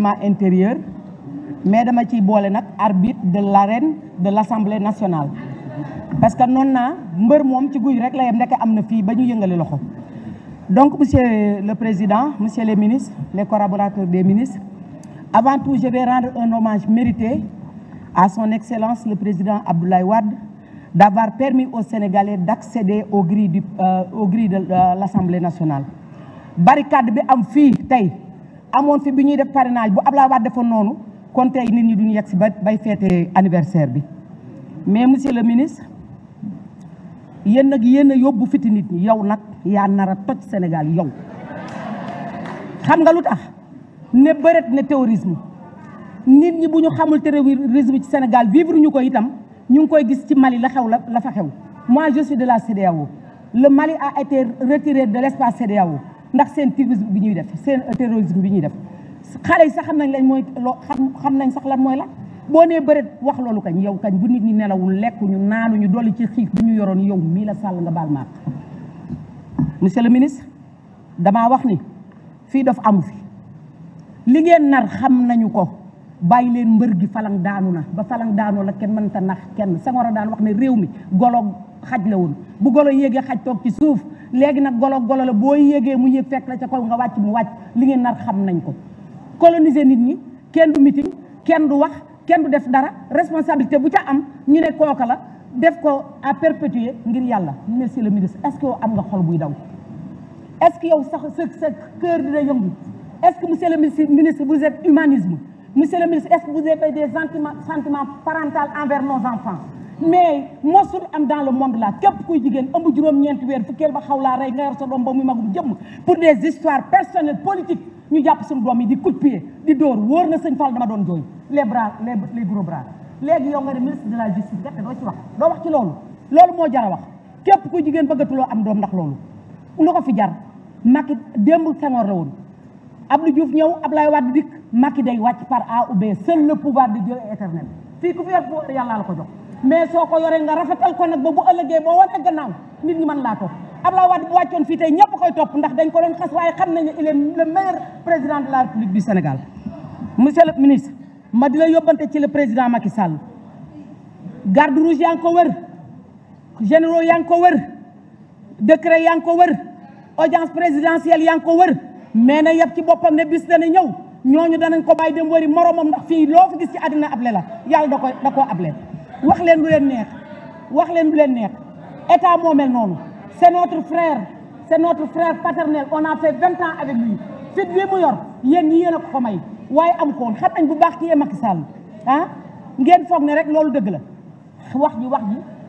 règlement intérieur mais dama ciy boole nag arbitre de l'arène de l'Assemblée nationale parce que noon naa mbër moom ci guy rek la yem nekk am na fii ba ñu yëngali loxo donc monsieur le président monsieur les ministres le collaborateurs des ministres avant tout je vais rendre un hommage mérité à son excellence le président Abdoulaye Wade d'avoir permis aux Sénégalais d'accéder aux grilles du euh, aux grilles de euh, l'Assemblée nationale barricade bi am fii tey amoon fi bi ñuy def parrainage bu Abdoulaye Wade defoon noonu kon tey nit ñi duñu yegg si ba bay feete anniversaire bi mais monsieur le ministre yéen nag yéen a yóbbu fiti nit ñi yow nag yaa nara a toj Sénégal yow xam nga lu tax ne bëret ne terrorisme nit ñi bu ñu xamul terrorisme ci Sénégal vivre ñu ko itam ñu ngi koy gis ci Mali la xew la la fa xew moi je de la CEDEAO le Mali a été retiré de l' espace CEDEAO ndax seen terrorisme bi ñuy def seen terrorisme bi ñuy def xale yi sax xam nañ lañ mooy loo xam xam nañ sax lan mooy la boo nee bëreet wax loolu kañ yow kañ bu nit ñi nelawul lekk ñu naanu ñu dolli ci xiif bu ñu yoroon yow mii la sàll nga baal maak monsieur le ministre damaa wax ni fii daf amu fi li ngeen nar xam nañu ko bàyyi leen mbër gi falang daanu na ba falang daanoo la kenn mënta nax kenn Senghor a daan wax ne réew mi golo xaj la woon bu golo yéegee xaj toog ci suuf léegi nag golo golo la boo yéegee mu yéeg fekk la ca kaw nga wàcc mu wàcc li ngeen nar xam nañ ko coloniser nit ñi kenn du meeting kenn du wax kenn du def dara responsabilité bu ca am ñu ne kooka la def ko à perpétuer ngir yàlla monsieur le ministre est-ce que am nga xol buy daw est que yow sax sa sa cœur dina yëngu est-ce que monsieur le ministre vous êtes humanisme Monsieur le ministre, est-ce que vous avez des sentiments, sentiments parentaux envers nos enfants mais mosul am dans le monde là képp kuy jigéen ëmb juróom-ñeenti weer fukkeel ba xaw laa rey nga yor sa doom ba muy magum jëmm pour des histoires personnelles politiques ñu jàpp suñu doom yi di coup de di dóor wóor na sëñ Fall dama doon jooy les bras les les gros bras léegi yow nga ne ministre de la justice def doo loolu moo jar a wax képp kuy jigéen bëggatuloo am doom ndax loolu lu ko fi jar Macky démb Senghor la woon Abdou Diouf ñëw Ablaye Wade dikk Macky day wàcc par A ou B seul le pouvoir de Dieu est fii ku fi yor pouvoir yàlla ko jox mais soo ko yoree nga rafetal ko nag ba bu ëllëgee boo wane gannaaw nit ñi man laa topp Abdoulaye Wade bu wàccoon fii tey ñëpp koy topp ndax dañ ko doon xas waaye xam nañ ne il est le meilleur président de la République du Sénégal monsieur le ministre ma di la yóbbante ci le président Macky Sall garde rouge yaa ngi ko wër généraux yaa ngi ko wër décret yaa ngi ko wër audience présidentielle yaa ngi ko wër mais na yëpp ci boppam ne bis dana ñëw ñooñu danañ ko bàyyi dem wëri moromam ndax fii loo fi gis ci àddina able la yàlla da koy da koo able wax leen lu leen neex wax leen lu leen neex état moo mel noonu c'est notre frère c'est notre frère paternel on a fait vingt ans avec lui fit bi mu yor yen ñi yéen a ko fa may waaye am koon xam nañ bu baax ki yee Macky Sall ah ngeen foog ne rek loolu dëgg la wax ji wax ji